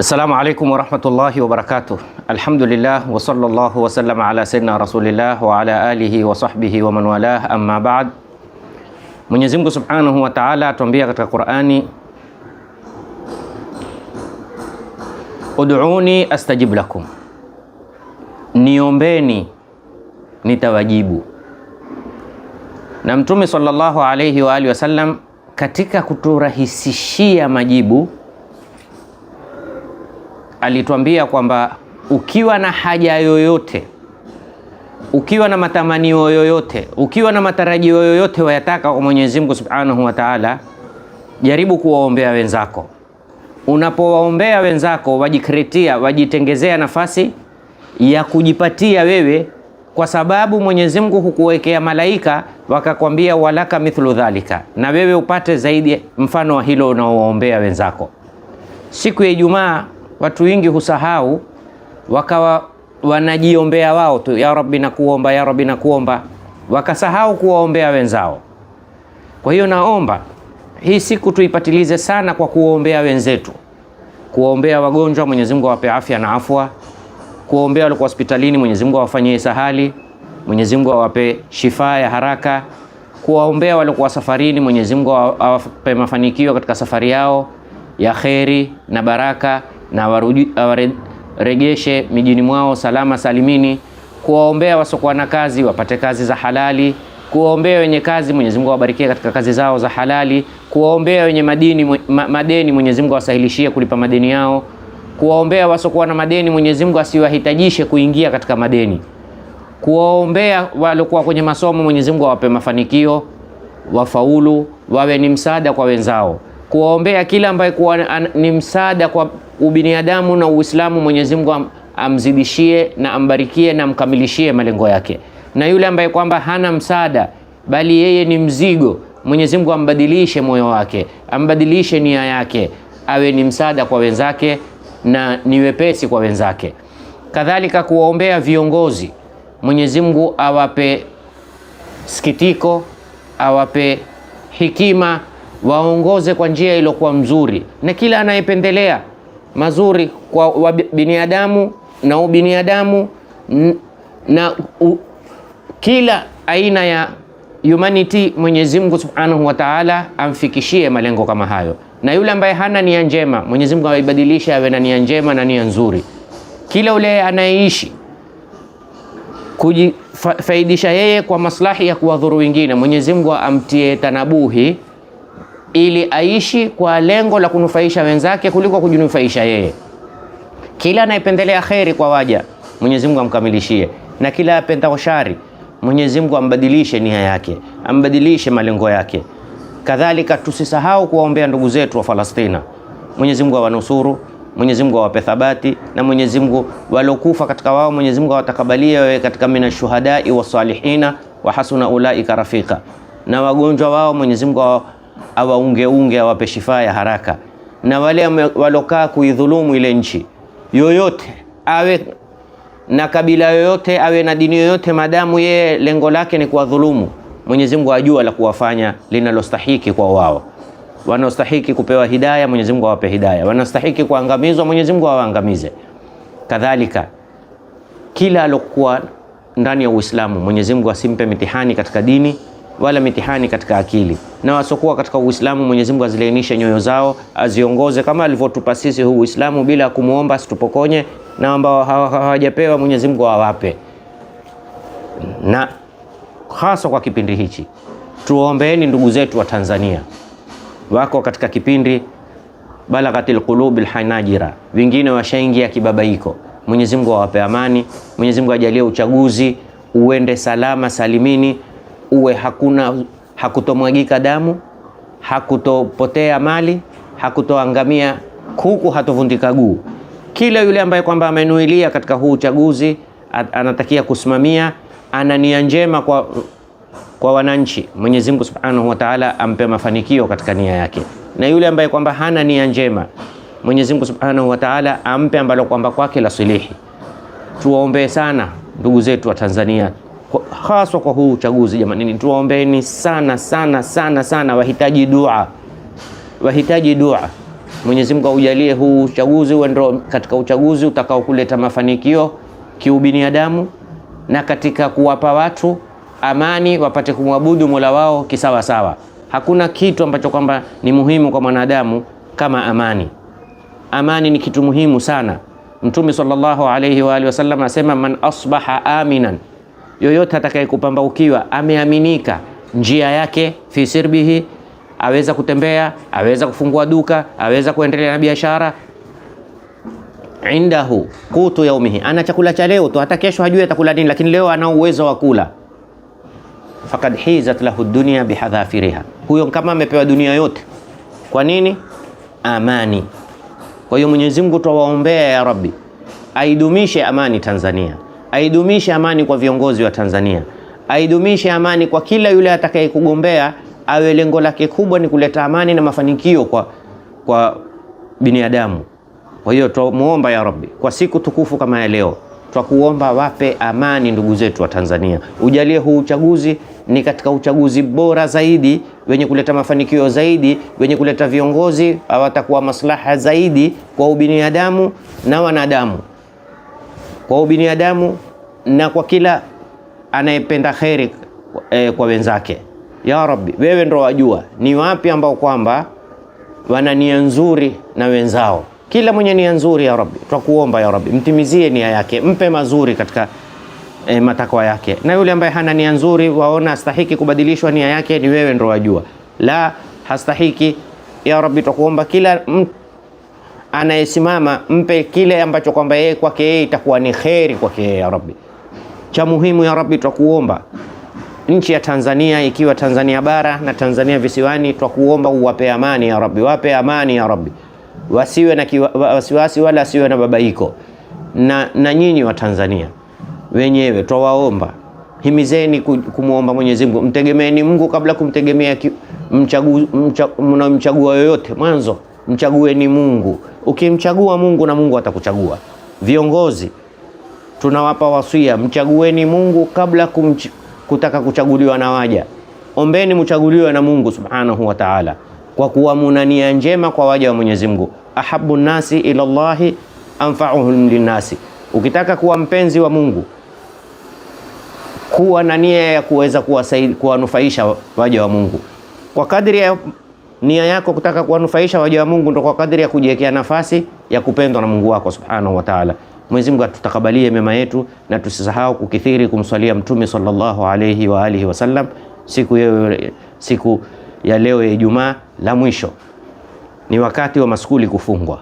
Assalamu alaikum warahmatullahi wabarakatuh. Alhamdulillah wa sallallahu wa sallam ala sayyidina rasulillah wa ala alihi wa sahbihi wa man walah, amma ba'd. Mwenyezi Mungu Subhanahu wa Ta'ala atuambia katika Qur'ani, ud'uni astajib lakum, niombeni nitawajibu. Na Mtume sallallahu alayhi wa alihi wasallam katika kuturahisishia majibu alituambia kwamba ukiwa na haja yoyote, ukiwa na matamanio yoyote, ukiwa na matarajio yoyote wayataka kwa Mwenyezi Mungu Subhanahu wa Ta'ala, jaribu kuwaombea wenzako. Unapowaombea wenzako, wajikretia, wajitengezea nafasi ya kujipatia wewe, kwa sababu Mwenyezi Mungu hukuwekea malaika wakakwambia walaka mithlu dhalika, na wewe upate zaidi mfano wa hilo unaowaombea wenzako. Siku ya Ijumaa watu wengi husahau, wakawa wanajiombea wao tu, ya Rabbi nakuomba, ya Rabbi nakuomba, wakasahau kuwaombea wenzao. Kwa hiyo naomba hii siku tuipatilize sana kwa kuwaombea wenzetu, kuwaombea wagonjwa, Mwenyezi Mungu awape afya na afwa, kuwaombea walio hospitalini, Mwenyezi Mungu awafanyie sahali, Mwenyezi Mungu awape shifaa ya haraka, kuwaombea waliokuwa safarini, Mwenyezi Mungu awape mafanikio katika safari yao ya kheri na baraka na awarejeshe mijini mwao salama salimini, kuwaombea wasiokuwa na kazi wapate kazi za halali, kuwaombea wenye kazi, Mwenyezi Mungu awabarikie katika kazi zao za halali, kuwaombea wenye madini, ma, madeni, Mwenyezi Mungu awasahilishie kulipa madeni yao, kuwaombea wasiokuwa na madeni, Mwenyezi Mungu asiwahitajishe kuingia katika madeni, kuwaombea waliokuwa kwenye masomo, Mwenyezi Mungu awape mafanikio, wafaulu, wawe ni msaada kwa wenzao kuwaombea kila ambaye kuwa ni msaada kwa ubinadamu na Uislamu, Mwenyezi Mungu am, amzidishie na ambarikie na amkamilishie malengo yake, na yule ambaye kwamba hana msaada bali yeye ni mzigo, Mwenyezi Mungu ambadilishe moyo wake, ambadilishe nia yake, awe ni msaada kwa wenzake na ni wepesi kwa wenzake. Kadhalika kuwaombea viongozi, Mwenyezi Mungu awape sikitiko, awape hekima waongoze kwa njia iliyokuwa mzuri na kila anayependelea mazuri kwa binadamu na ubinadamu na u, kila aina ya humanity Mwenyezi Mungu Subhanahu wa Ta'ala amfikishie malengo kama hayo, na yule ambaye hana nia njema Mwenyezi Mungu aibadilisha awe na nia njema na nia nzuri. Kila ule anayeishi kujifaidisha yeye kwa maslahi ya kuwadhuru wengine, Mwenyezi Mungu amtie tanabuhi ili aishi kwa lengo la kunufaisha wenzake kuliko kujinufaisha yeye. Kila anayependelea kheri kwa waja, Mwenyezi Mungu amkamilishie, na kila apenda shari, Mwenyezi Mungu ambadilishe nia yake, ambadilishe malengo yake. Kadhalika tusisahau kuwaombea ndugu zetu wa Falastina. Mwenyezi Mungu awanusuru, Mwenyezi Mungu awape thabati, na Mwenyezi Mungu waliokufa katika wao, Mwenyezi Mungu awatakabalie wewe katika minashuhadai wasalihina wa hasuna ulaika rafika, na wagonjwa wao Mwenyezi Mungu awaungeunge, awape shifaa ya haraka, na wale walokaa kuidhulumu ile nchi yoyote, awe na kabila yoyote, awe na dini yoyote, madamu yeye lengo lake ni kuwadhulumu, Mwenyezi Mungu ajua la kuwafanya linalostahiki kwa wao. Wanaostahiki kupewa hidaya, Mwenyezi Mungu awape hidaya. Wanaostahiki kuangamizwa, Mwenyezi Mungu awaangamize. Kadhalika kila alokuwa ndani ya Uislamu, Mwenyezi Mungu asimpe mitihani katika dini wala mitihani katika akili, na wasokuwa katika Uislamu Mwenyezi Mungu azilainishe nyoyo zao, aziongoze kama alivyotupa sisi huu Uislamu bila kumuomba, situpokonye, na ambao hawajapewa Mwenyezi Mungu awape, na hasa kwa kipindi hichi tuombeeni ndugu zetu wa Tanzania wako katika kipindi balaghatil qulubil lhanajira wengine washaingia kibabaiko. Mwenyezi Mungu awape amani, Mwenyezi Mungu ajalie uchaguzi uende salama salimini uwe hakuna hakutomwagika damu, hakutopotea mali, hakutoangamia kuku, hatovundika guu. Kila yule ambaye kwamba amenuilia katika huu uchaguzi anatakia kusimamia, ana nia njema kwa, kwa wananchi. Mwenyezi Mungu Subhanahu wa Ta'ala ampe mafanikio katika nia yake, na yule ambaye kwamba hana nia njema Mwenyezi Mungu Subhanahu wa Ta'ala ampe ambalo kwamba kwake la silihi. Tuwaombee sana ndugu zetu wa Tanzania haswa kwa huu uchaguzi. Jamani, tuwaombeni sana sana sana sana, wahitaji dua, wahitaji dua. Mwenyezi Mungu aujalie huu uchaguzi uwe ndio katika uchaguzi utakao kuleta mafanikio kiubinadamu na katika kuwapa watu amani, wapate kumwabudu Mola wao kisawasawa. Hakuna kitu ambacho kwamba ni muhimu kwa mwanadamu kama amani. Amani ni kitu muhimu sana. Mtume sallallahu alayhi wa alihi wasallam asema man asbaha aminan yoyote atakayekupambaukiwa ameaminika njia yake fi sirbihi, aweza kutembea, aweza kufungua duka, aweza kuendelea na biashara. Indahu kutu yaumihi, ana chakula cha leo tu, hata kesho hajui atakula nini, lakini leo ana uwezo wa kula. Fakad hizat lahu dunia bihadhafiriha, huyo kama amepewa dunia yote. Kwa nini? Amani. Kwa hiyo Mwenyezi Mungu twawaombea, ya Rabbi aidumishe amani Tanzania aidumishe amani kwa viongozi wa Tanzania, aidumishe amani kwa kila yule atakayekugombea, awe lengo lake kubwa ni kuleta amani na mafanikio kwa, kwa binadamu. Kwa hiyo twamuomba ya Rabbi, kwa siku tukufu kama ya leo twakuomba wape amani ndugu zetu wa Tanzania, ujalie huu uchaguzi ni katika uchaguzi bora zaidi wenye kuleta mafanikio zaidi wenye kuleta viongozi watakuwa maslaha zaidi kwa ubinadamu na wanadamu kwa ubinadamu na kwa kila anayependa kheri eh, kwa wenzake. Ya Rabbi, wewe ndo wajua ni wapi ambao kwamba wana nia nzuri na wenzao. Kila mwenye nia nzuri, ya Rabbi, twakuomba ya Rabbi, mtimizie nia yake, mpe mazuri katika e, matakwa yake, na yule ambaye hana nia nzuri, waona astahiki kubadilishwa nia yake, ni wewe ndo wajua, la hastahiki. Ya Rabbi, twakuomba kila anayesimama mpe kile ambacho kwamba yeye kwake yeye itakuwa ni kheri kwake yeye. Ya Rabbi, cha muhimu ya Rabbi, twakuomba nchi ya Tanzania ikiwa Tanzania bara na Tanzania visiwani, twakuomba uwape amani ya Rabbi, wape amani ya Rabbi, wasiwe na wasiwasi wala asiwe na babaiko. Na, na nyinyi wa Tanzania wenyewe twawaomba, himizeni kumwomba Mwenyezi Mungu, mtegemeeni Mungu kabla kumtegemea mchagu, mcha, yoyote mwanzo mchagueni Mungu. Ukimchagua Mungu na Mungu atakuchagua. Viongozi tunawapa wasia, mchagueni Mungu kabla kumch kutaka kuchaguliwa na waja. Ombeni mchaguliwe na Mungu subhanahu wa taala, kwa kuwa muna nia njema kwa waja wa Mwenyezi Mungu. Ahabu nasi ila Allahi anfa'uhum linnasi. Ukitaka kuwa mpenzi wa Mungu, kuwa na nia ya kuweza kuwanufaisha waja wa Mungu kwa kadri ya nia yako kutaka kuwanufaisha waja wa Mungu ndio kwa kadri ya kujiwekea nafasi ya kupendwa na Mungu wako subhanahu wa ta'ala. Mwenyezi Mungu atutakabalie mema yetu na tusisahau kukithiri kumswalia Mtume sallallahu alayhi wa alihi wasallam siku ya, siku ya leo ya Ijumaa. La mwisho ni wakati wa maskuli kufungwa.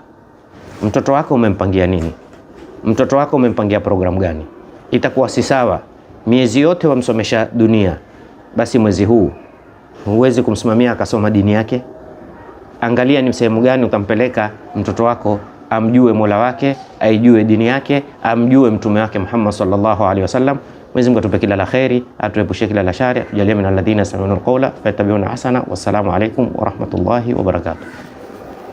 Mtoto wako umempangia nini? Mtoto wako umempangia programu gani? Itakuwa si sawa, miezi yote wamsomesha dunia, basi mwezi huu huwezi kumsimamia akasoma dini yake. Angalia ni sehemu gani utampeleka mtoto wako amjue Mola wake, aijue dini yake, amjue mtume wake Muhammad sallallahu alaihi wasallam. Mwenyezi Mungu atupe kila la kheri, atuepushe kila la shari, atujalie min alladhina yastami'una alqawla fayattabi'una hasana. Wassalamu alaikum warahmatullahi wabarakatuh.